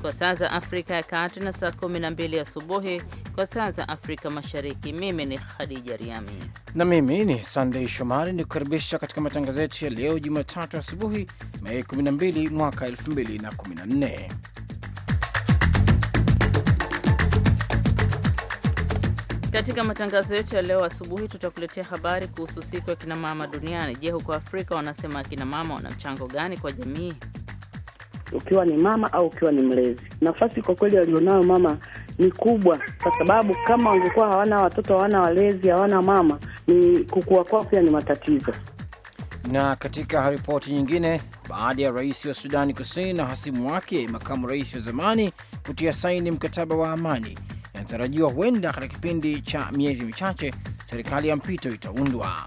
kwa saa za Afrika ya Kati na saa 12 asubuhi kwa saa za Afrika Mashariki. Mimi ni Khadija Riami na mimi ni Sandei Shomari, ni kukaribisha katika matangazo yetu ya leo Jumatatu asubuhi, Mei 12 mwaka 2014. Katika matangazo yetu ya leo asubuhi tutakuletea habari kuhusu siku ya kinamama duniani. Je, huko Afrika wanasema akinamama wana mchango gani kwa jamii? ukiwa ni mama au ukiwa ni mlezi. Nafasi kwa kweli walionayo mama ni kubwa, kwa sababu kama wangekuwa hawana watoto, hawana walezi, hawana mama, ni kukua kwao pia ni matatizo. Na katika ripoti nyingine, baada ya rais wa Sudani Kusini na hasimu wake makamu rais wa zamani kutia saini mkataba wa amani, inatarajiwa huenda katika kipindi cha miezi michache serikali ya mpito itaundwa.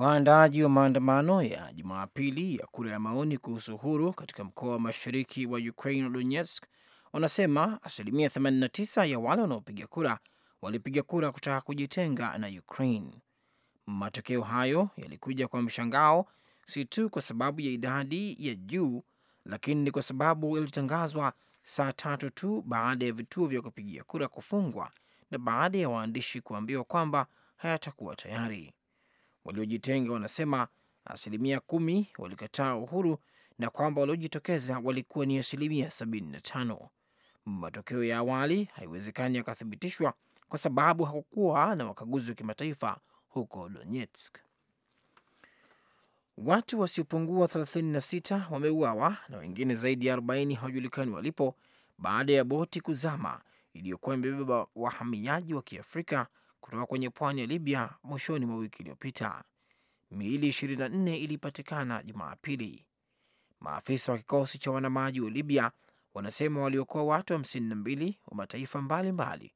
Waandaaji wa maandamano ya Jumapili ya kura ya maoni kuhusu uhuru katika mkoa wa mashariki wa Ukraine wa Donetsk wanasema asilimia 89 ya wale wanaopiga kura walipiga kura kutaka kujitenga na Ukraine. Matokeo hayo yalikuja kwa mshangao, si tu kwa sababu ya idadi ya juu, lakini ni kwa sababu yalitangazwa saa tatu tu baada ya vituo vya kupigia kura kufungwa na baada ya waandishi kuambiwa kwamba hayatakuwa tayari waliojitenga wanasema asilimia kumi walikataa uhuru na kwamba waliojitokeza walikuwa ni asilimia na tano Matokeo ya awali haiwezekani yakathibitishwa kwa sababu hakukuwa na wakaguzi wa kimataifa huko Donetsk. Watu wasiopungua 36 wameuawa na wengine zaidi ya 40 hawajulikani walipo baada ya boti kuzama iliyokuwa imebeba wahamiaji wa Kiafrika kutoka kwenye pwani ya Libya mwishoni mwa wiki iliyopita. Miili 24 ilipatikana Jumapili. Maafisa wa kikosi cha wanamaji wa Libya wanasema waliokoa watu 52 wa, wa mataifa mbalimbali,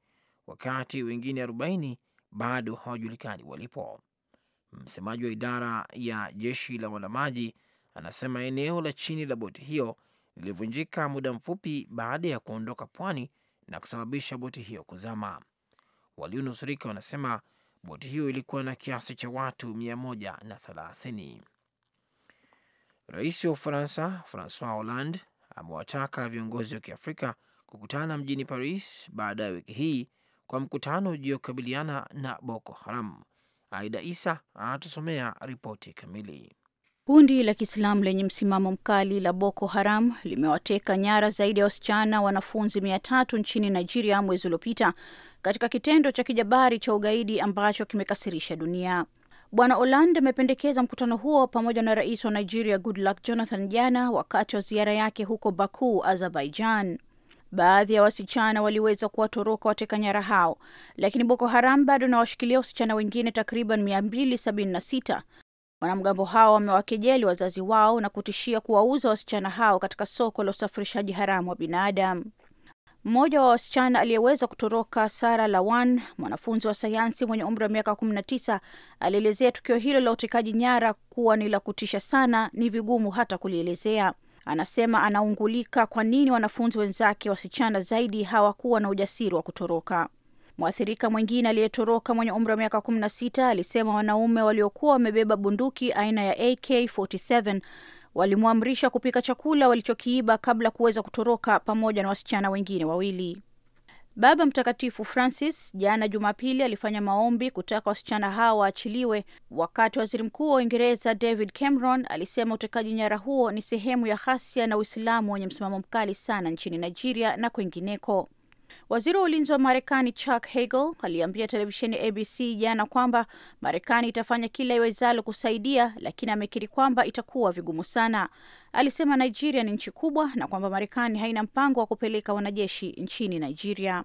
wakati wengine 40 bado hawajulikani walipo. Msemaji wa idara ya jeshi la wanamaji anasema eneo la chini la boti hiyo lilivunjika muda mfupi baada ya kuondoka pwani na kusababisha boti hiyo kuzama walionusurika wanasema boti hiyo ilikuwa na kiasi cha watu mia moja na thelathini. Rais wa Ufaransa Francois Hollande amewataka viongozi wa Kiafrika kukutana mjini Paris baada ya wiki hii kwa mkutano juu ya kukabiliana na Boko Haram. Aida Isa anatusomea ripoti kamili. Kundi la Kiislamu lenye msimamo mkali la Boko Haram limewateka nyara zaidi ya wasichana wanafunzi mia tatu nchini Nigeria mwezi uliopita katika kitendo cha kijabari cha ugaidi ambacho kimekasirisha dunia. Bwana Oland amependekeza mkutano huo pamoja na rais wa Nigeria Goodluck Jonathan jana wakati wa ziara yake huko Baku, Azerbaijan. Baadhi ya wasichana waliweza kuwatoroka wateka nyara hao, lakini Boko Haram bado inawashikilia wasichana wengine takriban 276 Wanamgambo hao wamewakejeli wazazi wao na kutishia kuwauza wasichana hao katika soko la usafirishaji haramu wa binadamu. Mmoja wa wasichana aliyeweza kutoroka, Sara Lawan, mwanafunzi wa sayansi mwenye umri wa miaka tisa, alielezea tukio hilo la utekaji nyara kuwa ni la kutisha sana, ni vigumu hata kulielezea. Anasema anaungulika kwa nini wanafunzi wenzake wasichana zaidi hawakuwa na ujasiri wa kutoroka. Mwathirika mwingine aliyetoroka mwenye umri wa miaka 16 alisema wanaume waliokuwa wamebeba bunduki aina ya AK47 walimwamrisha kupika chakula walichokiiba kabla kuweza kutoroka pamoja na wasichana wengine wawili. Baba Mtakatifu Francis jana Jumapili alifanya maombi kutaka wasichana hawa waachiliwe, wakati waziri mkuu wa Uingereza David Cameron alisema utekaji nyara huo ni sehemu ya ghasia na Uislamu wenye msimamo mkali sana nchini Nigeria na kwingineko. Waziri wa ulinzi wa Marekani Chuck Hagel aliambia televisheni ABC jana kwamba Marekani itafanya kila iwezalo kusaidia, lakini amekiri kwamba itakuwa vigumu sana. Alisema Nigeria ni nchi kubwa na kwamba Marekani haina mpango wa kupeleka wanajeshi nchini Nigeria.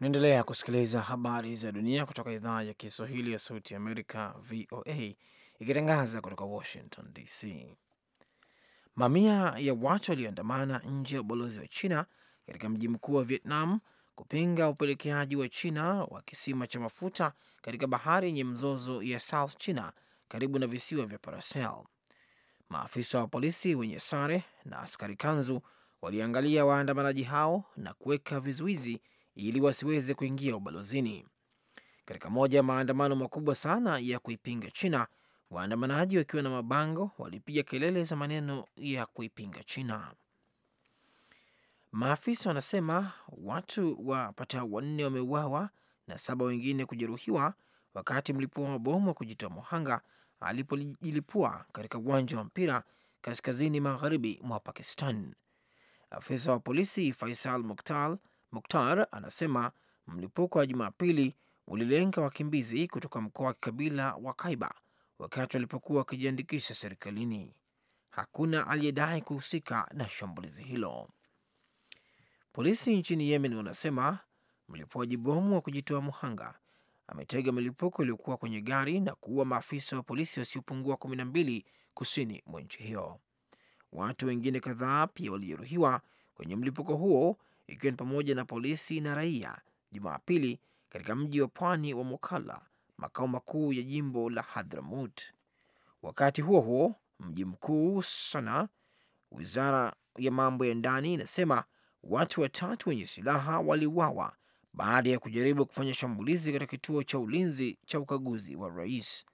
Unaendelea kusikiliza habari za dunia kutoka idhaa ya Kiswahili ya Sauti ya Amerika, VOA, ikitangaza kutoka Washington DC. Mamia ya watu walioandamana nje ya ubalozi wa China katika mji mkuu wa Vietnam kupinga upelekeaji wa China wa kisima cha mafuta katika bahari yenye mzozo ya South China karibu na visiwa vya Paracel. Maafisa wa polisi wenye sare na askari kanzu waliangalia waandamanaji hao na kuweka vizuizi ili wasiweze kuingia ubalozini. Katika moja ya maandamano makubwa sana ya kuipinga China, waandamanaji wakiwa na mabango walipiga kelele za maneno ya kuipinga China. Maafisa wanasema watu wapatao wanne wameuawa na saba wengine kujeruhiwa wakati mlipua mabomu wa kujitoa muhanga alipojilipua katika uwanja wa mpira kaskazini magharibi mwa Pakistan. Afisa wa polisi Faisal Mukhtar, Mukhtar anasema mlipuko wa Jumapili ulilenga wakimbizi kutoka mkoa wa kikabila wa Kaiba wakati walipokuwa wakijiandikisha serikalini. Hakuna aliyedai kuhusika na shambulizi hilo. Polisi nchini Yemen wanasema mlipuaji bomu wa kujitoa muhanga ametega milipuko iliyokuwa kwenye gari na kuua maafisa wa polisi wasiopungua kumi na mbili kusini mwa nchi hiyo. Watu wengine kadhaa pia walijeruhiwa kwenye mlipuko huo, ikiwa ni pamoja na polisi na raia, Jumapili katika mji wa pwani wa mokala makao makuu ya jimbo la Hadramut. Wakati huo huo, mji mkuu Sana, wizara ya mambo ya ndani inasema watu watatu wenye silaha waliuawa baada ya kujaribu kufanya shambulizi katika kituo cha ulinzi cha ukaguzi wa rais.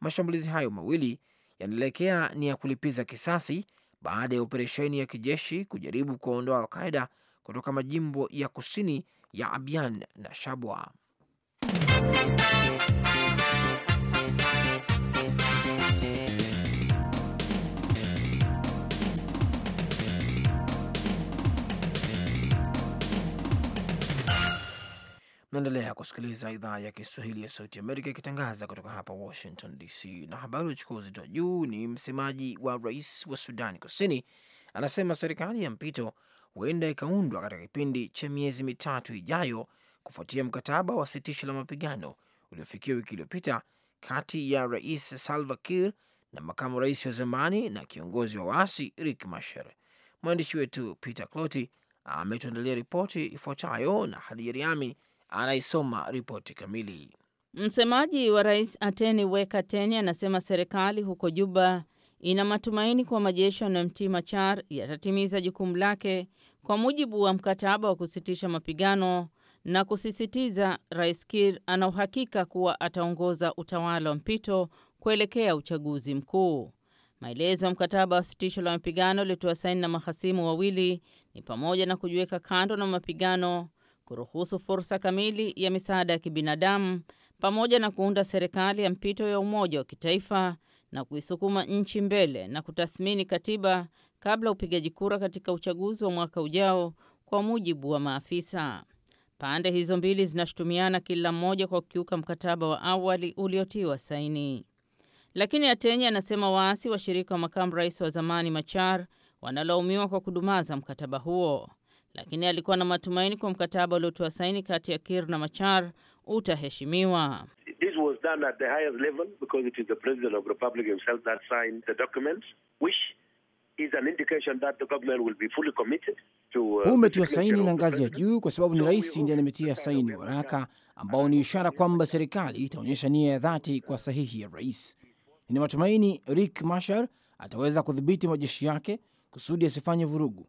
Mashambulizi hayo mawili yanaelekea ni ya kulipiza kisasi baada ya operesheni ya kijeshi kujaribu kuondoa Alqaida kutoka majimbo ya kusini ya Abyan na Shabwa. Naendelea kusikiliza idhaa ya Kiswahili ya Sauti Amerika ikitangaza kutoka hapa Washington DC. Na habari uchukua uzito juu ni msemaji wa rais wa Sudani Kusini anasema serikali ya mpito huenda ikaundwa katika kipindi cha miezi mitatu ijayo kufuatia mkataba wa sitisho la mapigano uliofikia wiki iliyopita kati ya rais Salva Kiir na makamu rais wa zamani na kiongozi wa waasi rik Masher. Mwandishi wetu Peter Cloti ametuandalia ripoti ifuatayo, na Hadija Riami anaisoma ripoti kamili. Msemaji wa rais Ateni Weka Teni anasema serikali huko Juba ina matumaini kuwa majeshi yanayomtii Machar yatatimiza jukumu lake kwa mujibu wa mkataba wa kusitisha mapigano na kusisitiza Rais Kir ana uhakika kuwa ataongoza utawala wa mpito kuelekea uchaguzi mkuu. Maelezo ya mkataba wa sitisho la mapigano uliotiwa saini na mahasimu wawili ni pamoja na kujiweka kando na mapigano, kuruhusu fursa kamili ya misaada ya kibinadamu pamoja na kuunda serikali ya mpito ya umoja wa kitaifa na kuisukuma nchi mbele na kutathmini katiba kabla upigaji kura katika uchaguzi wa mwaka ujao, kwa mujibu wa maafisa. Pande hizo mbili zinashutumiana kila mmoja kwa kukiuka mkataba wa awali uliotiwa saini, lakini Atenye anasema waasi washirika wa makamu rais wa zamani Machar wanalaumiwa kwa kudumaza mkataba huo lakini alikuwa na matumaini kwa mkataba uliotoa saini kati ya Kir na Machar utaheshimiwa. Huu umetiwa saini na ngazi ya juu kwa sababu ni rais ndiye ametia saini waraka ambao ni ishara kwamba serikali itaonyesha nia ya dhati kwa sahihi ya rais. Nina matumaini rik Machar ataweza kudhibiti majeshi yake kusudi asifanye vurugu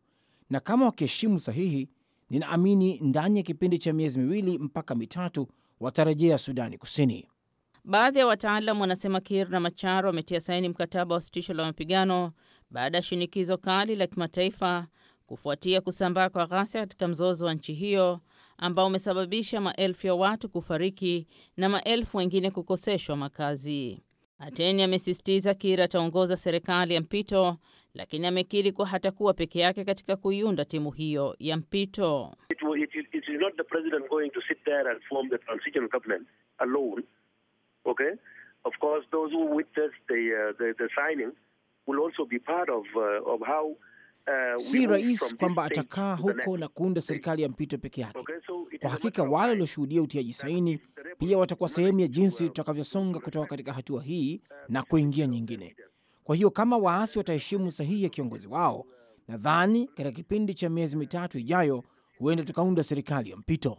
na kama wakiheshimu sahihi, ninaamini ndani ya kipindi cha miezi miwili mpaka mitatu watarejea Sudani Kusini. Baadhi ya wataalam wanasema kir na Machar wametia saini mkataba wa sitisho la mapigano baada ya shinikizo kali la kimataifa kufuatia kusambaa kwa ghasia katika mzozo wa nchi hiyo ambao umesababisha maelfu ya watu kufariki na maelfu wengine kukoseshwa makazi. Ateni amesisitiza Kir ataongoza serikali ya mpito lakini amekiri kuwa hatakuwa peke yake katika kuiunda timu hiyo ya mpito. Si rais kwamba atakaa huko na kuunda serikali ya mpito peke yake. Okay, so kwa hakika wale walioshuhudia utiaji saini pia watakuwa sehemu ya jinsi tutakavyosonga kutoka katika hatua hii uh, na kuingia nyingine. Kwa hiyo kama waasi wataheshimu sahihi ya kiongozi wao, nadhani katika kipindi cha miezi mitatu ijayo, huenda tukaunda serikali ya mpito.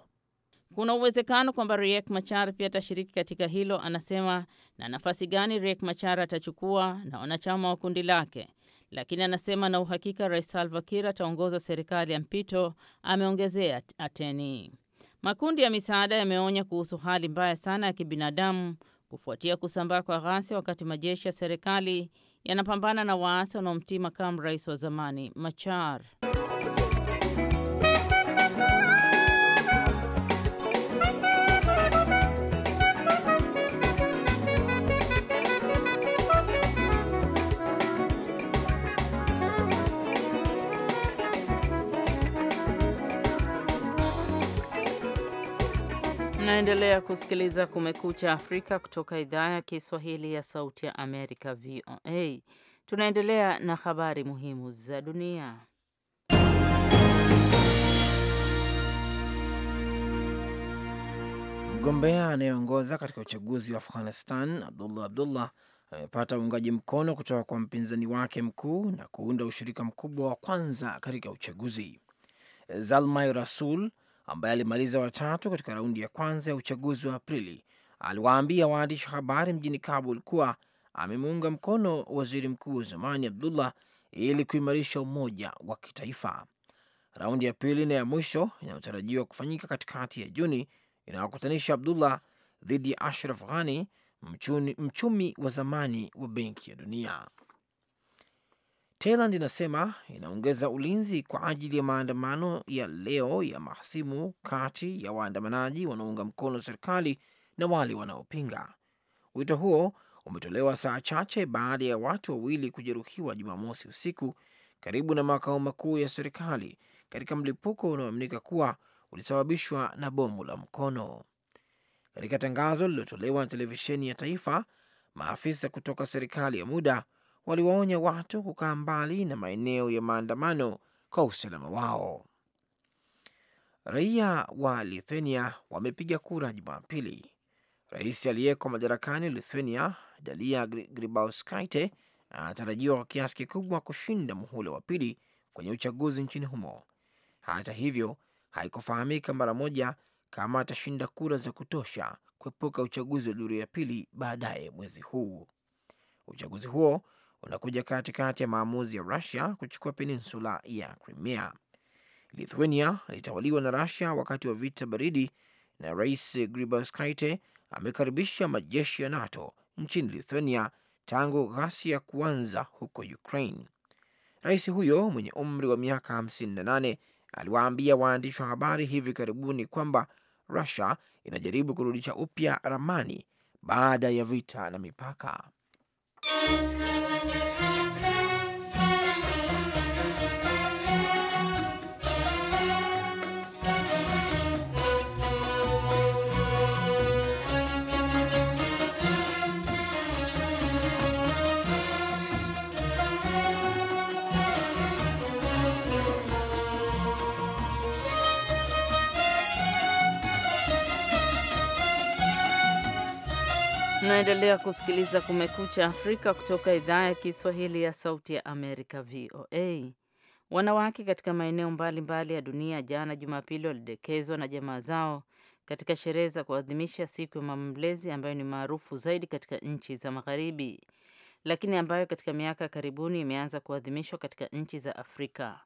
Kuna uwezekano kwamba Riek Machar pia atashiriki katika hilo, anasema. Na nafasi gani Riek Machar atachukua na wanachama wa kundi lake, lakini anasema na uhakika Rais Salva Kiir ataongoza serikali ya mpito, ameongezea Ateni. Makundi ya misaada yameonya kuhusu hali mbaya sana ya kibinadamu kufuatia kusambaa kwa ghasia, wakati majeshi ya serikali yanapambana na waasi wanaomtii makamu rais wa zamani Machar. Mnaendelea kusikiliza Kumekucha Afrika kutoka idhaa ya Kiswahili ya Sauti ya Amerika, VOA. Tunaendelea na habari muhimu za dunia. Mgombea anayeongoza katika uchaguzi wa Afghanistan, Abdullah Abdullah, amepata uungaji mkono kutoka kwa mpinzani wake mkuu na kuunda ushirika mkubwa wa kwanza katika uchaguzi. Zalmai Rasul ambaye alimaliza watatu katika raundi ya kwanza ya uchaguzi wa Aprili aliwaambia waandishi wa habari mjini Kabul kuwa amemuunga mkono waziri mkuu wa zamani Abdullah ili kuimarisha umoja wa kitaifa. Raundi ya pili na ya mwisho inayotarajiwa kufanyika katikati ya Juni inawakutanisha Abdullah dhidi ya Ashraf Ghani, mchumi wa zamani wa Benki ya Dunia. Thailand inasema inaongeza ulinzi kwa ajili ya maandamano ya leo ya mahasimu kati ya waandamanaji wanaounga mkono serikali na wale wanaopinga. Wito huo umetolewa saa chache baada ya watu wawili kujeruhiwa Jumamosi usiku karibu na makao makuu ya serikali katika mlipuko unaoaminika kuwa ulisababishwa na bomu la mkono. Katika tangazo lililotolewa na televisheni ya taifa, maafisa kutoka serikali ya muda waliwaonya watu kukaa mbali na maeneo ya maandamano kwa usalama wao. Raia wa Lithuania wamepiga kura Jumapili. Rais aliyeko madarakani Lithuania, Dalia Gribauskaite, anatarajiwa kwa kiasi kikubwa kushinda muhula wa pili kwenye uchaguzi nchini humo. Hata hivyo, haikufahamika mara moja kama atashinda kura za kutosha kuepuka uchaguzi wa duru ya pili baadaye mwezi huu. Uchaguzi huo unakuja katikati ya maamuzi ya Rusia kuchukua peninsula ya Crimea. Lithuania ilitawaliwa na Rusia wakati wa vita baridi, na Rais Grybauskaite amekaribisha majeshi ya NATO nchini Lithuania tangu ghasia kuanza huko Ukraine. Rais huyo mwenye umri wa miaka 58 aliwaambia waandishi wa habari hivi karibuni kwamba Rusia inajaribu kurudisha upya ramani baada ya vita na mipaka. Unaendelea kusikiliza Kumekucha Afrika kutoka idhaa ya Kiswahili ya Sauti ya Amerika, VOA. Wanawake katika maeneo mbalimbali ya dunia jana Jumapili walidekezwa na jamaa zao katika sherehe za kuadhimisha siku ya mama mlezi ambayo ni maarufu zaidi katika nchi za Magharibi, lakini ambayo katika miaka ya karibuni imeanza kuadhimishwa katika nchi za Afrika.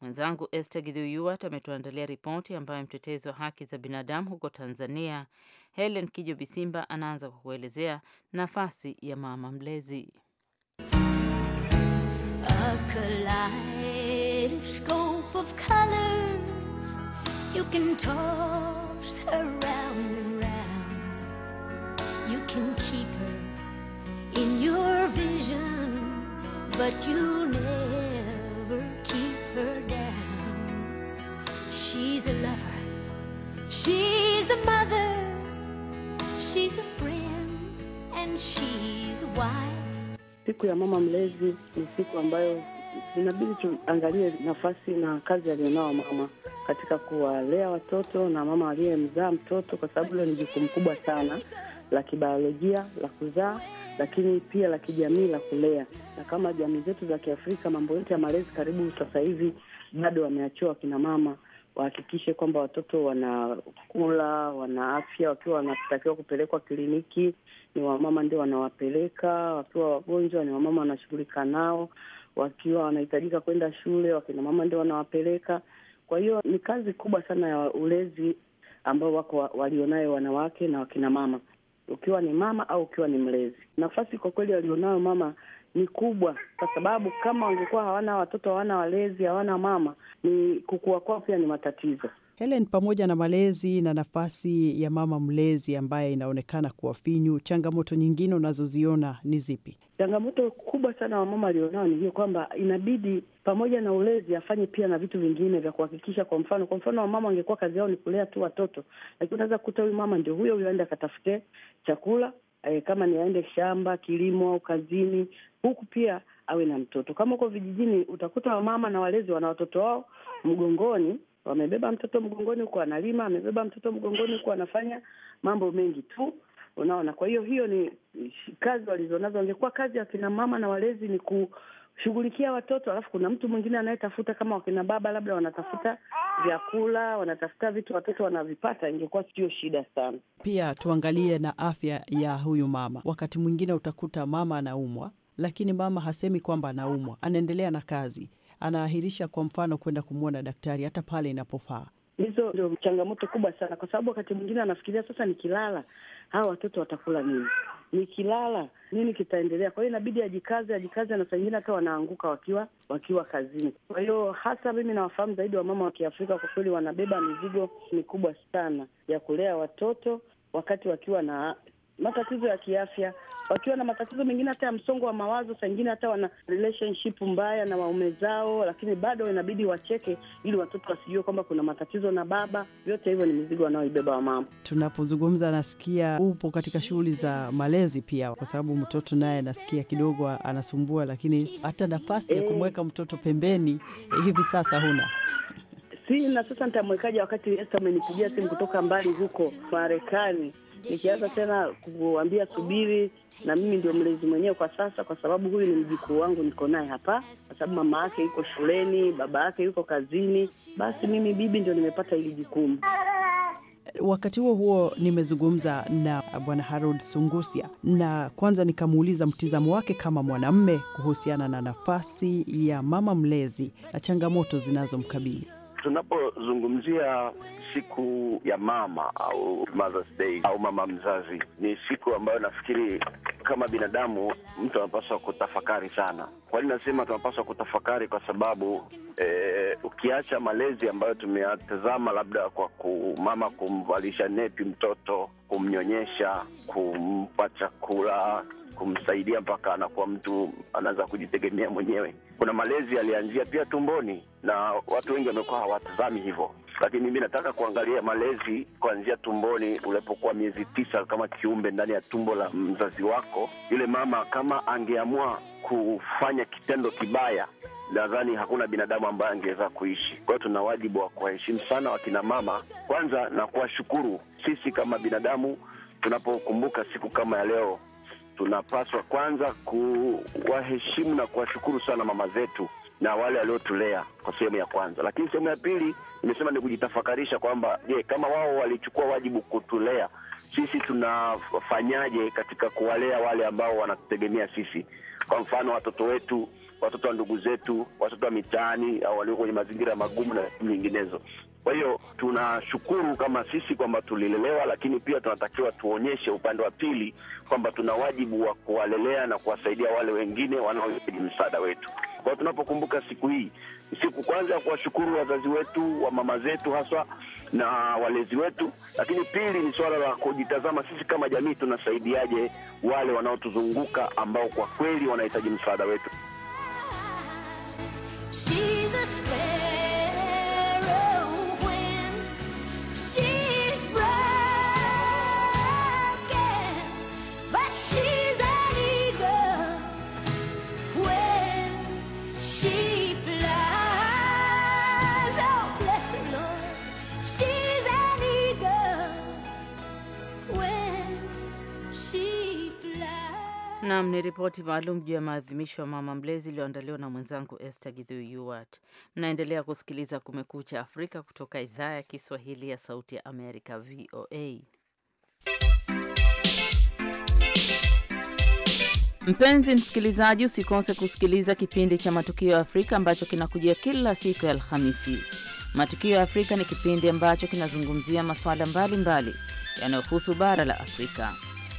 Mwenzangu Esther Gidhuyuat ametuandalia ripoti ambayo mtetezi wa haki za binadamu huko Tanzania Helen Kijo Bisimba anaanza kwa kuelezea nafasi ya mama mlezi. never She's a lover. She's a mother. She's a friend. And she's a wife. Siku ya mama mlezi ni siku ambayo inabidi tuangalie nafasi na kazi aliyonao mama katika kuwalea watoto na mama aliyemzaa mtoto, kwa sababu hilo ni jukumu kubwa sana la kibiolojia la kuzaa, lakini pia la kijamii la kulea. Na kama jamii zetu za Kiafrika, mambo yote ya malezi karibu sasa hivi bado wameachiwa wakina mama wahakikishe kwamba watoto wanakula, wana afya. Wakiwa wanatakiwa kupelekwa kliniki, ni wamama ndio wanawapeleka. Wakiwa wagonjwa, ni wamama wanashughulika nao. Wakiwa wanahitajika kwenda shule, wakinamama ndio wanawapeleka. Kwa hiyo ni kazi kubwa sana ya ulezi ambao wako walionayo wanawake na wakinamama, ukiwa ni mama au ukiwa ni mlezi. Nafasi kwa kweli walionayo mama ni kubwa, kwa sababu kama wangekuwa hawana watoto, hawana walezi, hawana mama, ni kukua kwao pia ni matatizo. Helen, pamoja na malezi na nafasi ya mama mlezi ambaye inaonekana kuwa finyu, changamoto nyingine unazoziona ni zipi? Changamoto kubwa sana wamama alionao ni hiyo kwamba inabidi pamoja na ulezi afanye pia na vitu vingine vya kuhakikisha. Kwa mfano, kwa mfano wamama wangekuwa kazi yao ni kulea tu watoto, lakini unaweza kukuta huyu mama ndio huyo huyo aende akatafute chakula, e, kama ni aende shamba, kilimo au kazini, huku pia awe na mtoto. Kama uko vijijini, utakuta wamama na walezi wana watoto wao mgongoni, wamebeba mtoto mgongoni, huku analima, amebeba mtoto mgongoni, huku anafanya mambo mengi tu, unaona. Kwa hiyo hiyo ni kazi walizonazo. Angekuwa kazi ya kina mama na walezi ni ku shughulikia watoto, alafu kuna mtu mwingine anayetafuta kama wakina baba labda wanatafuta vyakula, wanatafuta vitu watoto wanavipata, ingekuwa sio shida sana. Pia tuangalie na afya ya huyu mama. Wakati mwingine utakuta mama anaumwa, lakini mama hasemi kwamba anaumwa, anaendelea na kazi, anaahirisha kwa mfano kwenda kumwona daktari hata pale inapofaa. Hizo ndio changamoto kubwa sana, kwa sababu wakati mwingine anafikiria sasa, nikilala hawa watoto watakula nini? nikilala nini kitaendelea? Kwa hiyo inabidi ajikaze, ajikaze, na saa ingine hata wanaanguka wakiwa wakiwa kazini. Kwa hiyo hasa mimi nawafahamu zaidi wamama wa Kiafrika, kwa kweli wanabeba mizigo mikubwa sana ya kulea watoto wakati wakiwa na matatizo ya kiafya, wakiwa na matatizo mengine hata ya msongo wa mawazo, saa ingine hata wana relationship mbaya na waume zao, lakini bado inabidi wacheke ili watoto wasijue kwamba kuna matatizo na baba. Vyote hivyo ni mizigo wanaoibeba wa mama. Tunapozungumza, nasikia upo katika shughuli za malezi pia, kwa sababu mtoto naye nasikia kidogo anasumbua, lakini hata nafasi ya eh. kumweka mtoto pembeni eh, hivi sasa huna si na Sasa nitamwekaje wakati Esta amenipigia simu kutoka mbali huko Marekani nikianza tena kuambia oh, subiri, na mimi ndio mlezi mwenyewe kwa sasa, kwa sababu huyu ni mjukuu wangu, niko naye hapa, kwa sababu mama yake yuko shuleni, baba yake yuko kazini, basi mimi bibi ndio nimepata hili jukumu. Wakati huo huo nimezungumza na Bwana Harold Sungusia, na kwanza nikamuuliza mtizamo wake kama mwanamme kuhusiana na nafasi ya mama mlezi na changamoto zinazomkabili tunapozungumzia siku ya mama au Mother's Day au mama mzazi, ni siku ambayo nafikiri kama binadamu mtu anapaswa kutafakari sana. Kwa nini nasema tunapaswa kutafakari? Kwa sababu e, ukiacha malezi ambayo tumeyatazama labda kwa kumama kumvalisha nepi mtoto, kumnyonyesha, kumpa chakula kumsaidia mpaka anakuwa mtu anaweza kujitegemea mwenyewe. Kuna malezi yalianzia pia tumboni, na watu wengi wamekuwa hawatazami hivyo, lakini mimi nataka kuangalia malezi kuanzia tumboni, ulipokuwa miezi tisa kama kiumbe ndani ya tumbo la mzazi wako. Yule mama kama angeamua kufanya kitendo kibaya nadhani hakuna binadamu ambaye angeweza kuishi. Kwa hiyo tuna wajibu wa kuwaheshimu sana wakina mama kwanza na kuwashukuru sisi kama binadamu tunapokumbuka siku kama ya leo tunapaswa kwanza kuwaheshimu na kuwashukuru sana mama zetu na wale waliotulea kwa sehemu ya kwanza, lakini sehemu ya pili imesema ni kujitafakarisha kwamba je, kama wao walichukua wajibu kutulea sisi, tunafanyaje katika kuwalea wale ambao wanatutegemea sisi? Kwa mfano watoto wetu, watoto wa ndugu zetu, watoto wa mitaani au walio kwenye mazingira magumu na nyinginezo. Kwa hiyo tunashukuru kama sisi kwamba tulilelewa, lakini pia tunatakiwa tuonyeshe upande wa pili kwamba tuna wajibu wa kuwalelea na kuwasaidia wale wengine wanaohitaji msaada wetu. Kwa tunapokumbuka siku hii, siku kwanza ya kuwashukuru wazazi wetu wa mama zetu haswa na walezi wetu, lakini pili ni suala la kujitazama sisi kama jamii tunasaidiaje wale wanaotuzunguka ambao kwa kweli wanahitaji msaada wetu. Nam ni ripoti maalum juu ya maadhimisho ya mama mlezi iliyoandaliwa na mwenzangu Esther Githui Uwat. Mnaendelea kusikiliza Kumekucha Afrika kutoka idhaa ya Kiswahili ya Sauti ya Amerika, VOA. Mpenzi msikilizaji, usikose kusikiliza kipindi cha Matukio ya Afrika ambacho kinakujia kila siku ya Alhamisi. Matukio ya Afrika ni kipindi ambacho kinazungumzia masuala mbalimbali yanayohusu bara la Afrika.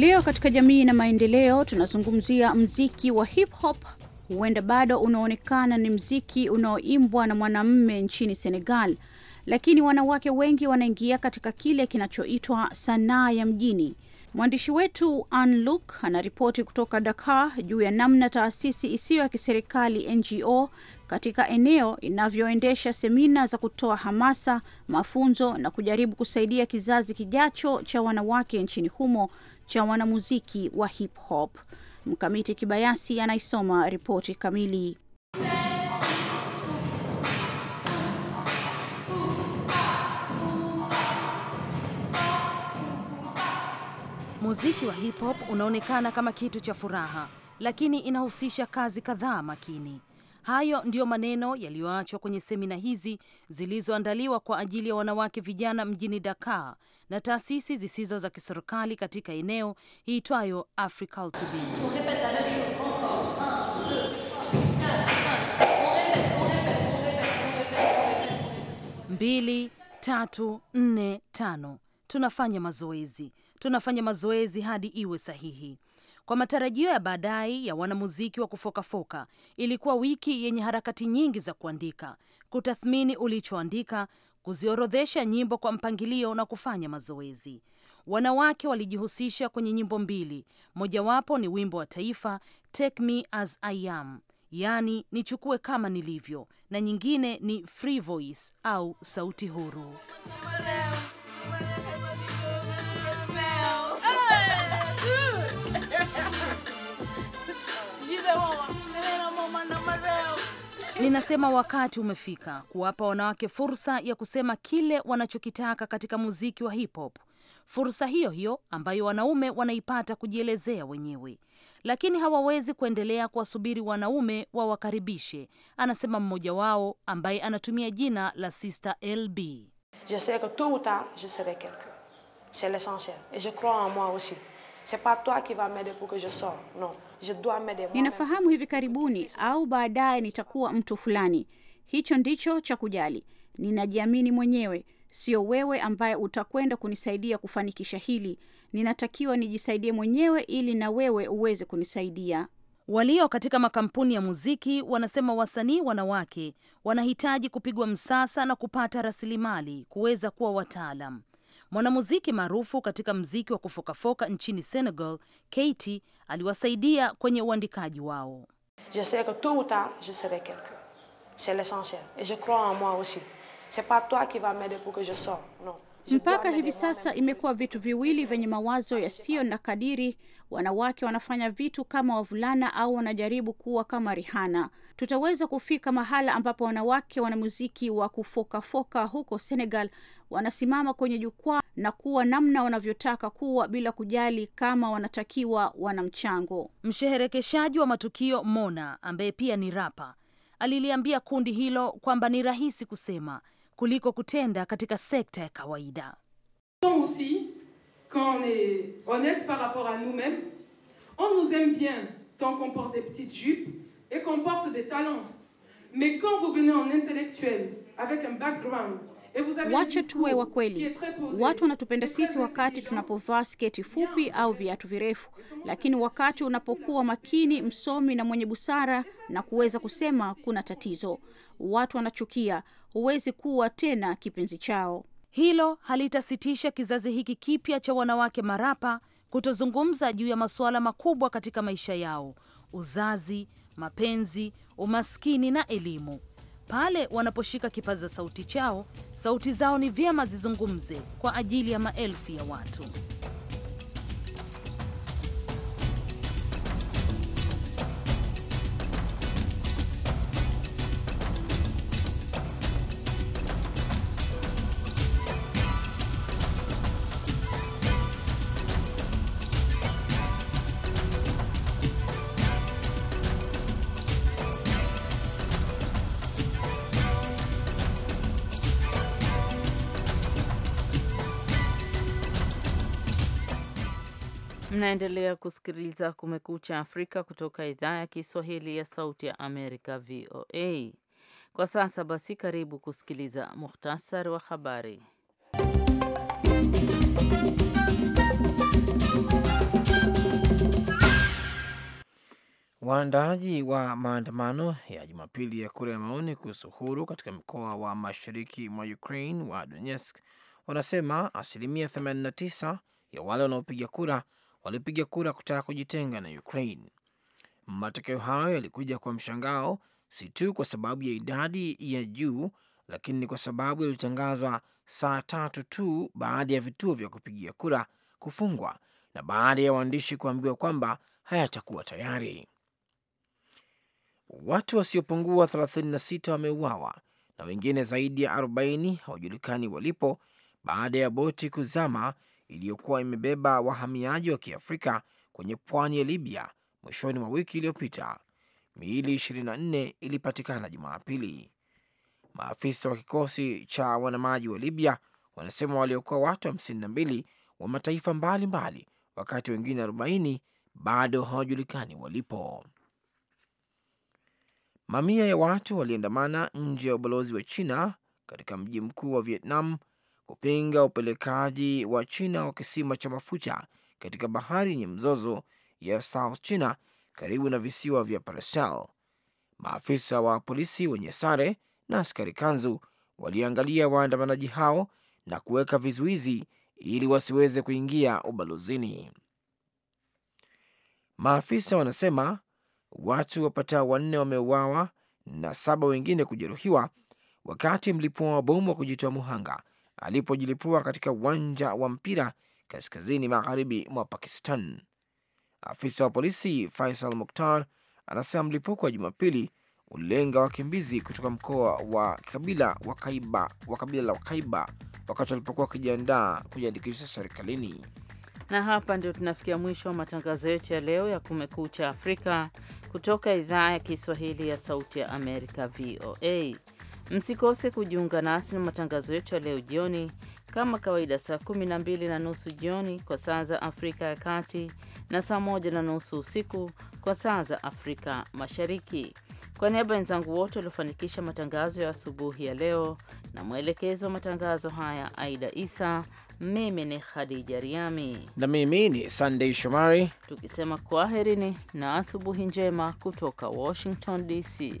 Leo katika jamii na maendeleo tunazungumzia mziki wa hip hop. Huenda bado unaonekana ni mziki unaoimbwa na mwanamme nchini Senegal, lakini wanawake wengi wanaingia katika kile kinachoitwa sanaa ya mjini. Mwandishi wetu an luk anaripoti kutoka Dakar juu ya namna taasisi isiyo ya kiserikali NGO katika eneo inavyoendesha semina za kutoa hamasa, mafunzo na kujaribu kusaidia kizazi kijacho cha wanawake nchini humo cha wanamuziki wa hip hop. Mkamiti Kibayasi anaisoma ripoti kamili. Muziki wa hip hop unaonekana kama kitu cha furaha, lakini inahusisha kazi kadhaa makini. Hayo ndiyo maneno yaliyoachwa kwenye semina hizi zilizoandaliwa kwa ajili ya wanawake vijana mjini Dakar na taasisi zisizo za kiserikali katika eneo iitwayo Africulturbid. Mbili, tatu, nne, tano. Tunafanya mazoezi, tunafanya mazoezi hadi iwe sahihi. Kwa matarajio ya baadaye ya wanamuziki wa kufokafoka, ilikuwa wiki yenye harakati nyingi za kuandika, kutathmini ulichoandika, kuziorodhesha nyimbo kwa mpangilio na kufanya mazoezi. Wanawake walijihusisha kwenye nyimbo mbili, mojawapo ni wimbo wa taifa Take Me As I Am, yaani nichukue kama nilivyo, na nyingine ni Free Voice au sauti huru. Ninasema wakati umefika kuwapa wanawake fursa ya kusema kile wanachokitaka katika muziki wa hip hop, fursa hiyo hiyo ambayo wanaume wanaipata kujielezea wenyewe, lakini hawawezi kuendelea kuwasubiri wanaume wawakaribishe, anasema mmoja wao ambaye anatumia jina la Sister LB. Je sais que tôt ou tard je serai quelqu'un. C'est l'essentiel et je crois en moi aussi. C'est pas toi qui va m'aider pour que je Non ninafahamu hivi karibuni au baadaye nitakuwa mtu fulani. Hicho ndicho cha kujali. Ninajiamini mwenyewe, sio wewe ambaye utakwenda kunisaidia kufanikisha hili. Ninatakiwa nijisaidie mwenyewe ili na wewe uweze kunisaidia. Walio katika makampuni ya muziki wanasema wasanii wanawake wanahitaji kupigwa msasa na kupata rasilimali kuweza kuwa wataalam. Mwanamuziki maarufu katika mziki wa kufokafoka nchini Senegal, katy aliwasaidia kwenye uandikaji wao. Je sais que tôt ou tard je serai quelqu'un. C'est l'essentiel et je crois en moi aussi. C'est pas toi qui m'aider pour que je Non. Mpaka hivi sasa imekuwa vitu viwili vyenye mawazo yasiyo na kadiri wanawake wanafanya vitu kama wavulana au wanajaribu kuwa kama Rihana. Tutaweza kufika mahala ambapo wanawake wanamuziki wa kufokafoka huko Senegal wanasimama kwenye jukwaa na kuwa namna wanavyotaka kuwa bila kujali kama wanatakiwa wana mchango. Msheherekeshaji wa matukio Mona, ambaye pia ni rapa, aliliambia kundi hilo kwamba ni rahisi kusema kuliko kutenda katika sekta ya kawaida quand on est honnête par rapport à nous-mêmes, on nous aime bien tant qu'on porte des petites jupes et qu'on porte des talents. Mais quand vous venez en intellectuel avec un background Wacha tuwe wa kweli. Watu wanatupenda sisi wakati tunapovaa sketi fupi au viatu virefu, lakini wakati unapokuwa makini, msomi na mwenye busara na kuweza kusema, kuna tatizo. Watu wanachukia, huwezi kuwa tena kipenzi chao. Hilo halitasitisha kizazi hiki kipya cha wanawake marapa kutozungumza juu ya masuala makubwa katika maisha yao: uzazi, mapenzi, umaskini na elimu. Pale wanaposhika kipaza sauti chao, sauti zao ni vyema zizungumze kwa ajili ya maelfu ya watu. Mnaendelea kusikiliza Kumekucha Afrika kutoka idhaa ya Kiswahili ya Sauti ya Amerika, VOA. Kwa sasa basi, karibu kusikiliza muhtasari wa habari. Waandaaji wa maandamano ya Jumapili ya kura ya maoni kuhusu uhuru katika mkoa wa mashariki mwa Ukraine wa Donetsk wanasema asilimia 89 ya wale wanaopiga kura walipiga kura kutaka kujitenga na Ukraine. Matokeo hayo yalikuja kwa mshangao, si tu kwa sababu ya idadi ya juu, lakini kwa sababu yalitangazwa saa tatu tu baada ya vituo vya kupigia kura kufungwa na baada ya waandishi kuambiwa kwamba hayatakuwa tayari. Watu wasiopungua 36 wameuawa na wengine zaidi ya 40 hawajulikani walipo baada ya boti kuzama iliyokuwa imebeba wahamiaji wa Kiafrika kwenye pwani ya Libya mwishoni mwa wiki iliyopita. Miili 24 ilipatikana Jumapili. Maafisa wa kikosi cha wanamaji wa Libya wanasema waliokuwa watu 52 wa mataifa mbalimbali mbali, wakati wengine 40 bado hawajulikani walipo. Mamia ya watu waliandamana nje ya ubalozi wa China katika mji mkuu wa Vietnam kupinga upelekaji wa China wa kisima cha mafuta katika bahari yenye mzozo ya South China karibu na visiwa vya Paracel. Maafisa wa polisi wenye sare na askari kanzu waliangalia waandamanaji hao na kuweka vizuizi ili wasiweze kuingia ubalozini. Maafisa wanasema watu wapatao wanne wameuawa na saba wengine kujeruhiwa wakati mlipuo wa bomu wa kujitoa muhanga alipojilipua katika uwanja wa mpira kaskazini magharibi mwa Pakistan. Afisa wa polisi Faisal Mukhtar anasema mlipuko wa Jumapili ulilenga wakimbizi kutoka mkoa wa kabila wa Kaiba, wa kabila la Wakaiba wakati walipokuwa wakijiandaa kujiandikisha serikalini. Na hapa ndio tunafikia mwisho wa matangazo yetu ya leo ya Kumekucha Afrika kutoka idhaa ya Kiswahili ya Sauti ya Amerika, VOA. Msikose kujiunga nasi na matangazo yetu ya leo jioni kama kawaida, saa kumi na mbili na nusu jioni kwa saa za Afrika ya Kati na saa moja na nusu usiku kwa saa za Afrika Mashariki. Kwa niaba ya wenzangu wote waliofanikisha matangazo ya asubuhi ya leo na mwelekezo wa matangazo haya Aida Isa, mimi ni Khadija Riami na mimi ni Sandei Shomari, tukisema kwaherini na asubuhi njema kutoka Washington DC.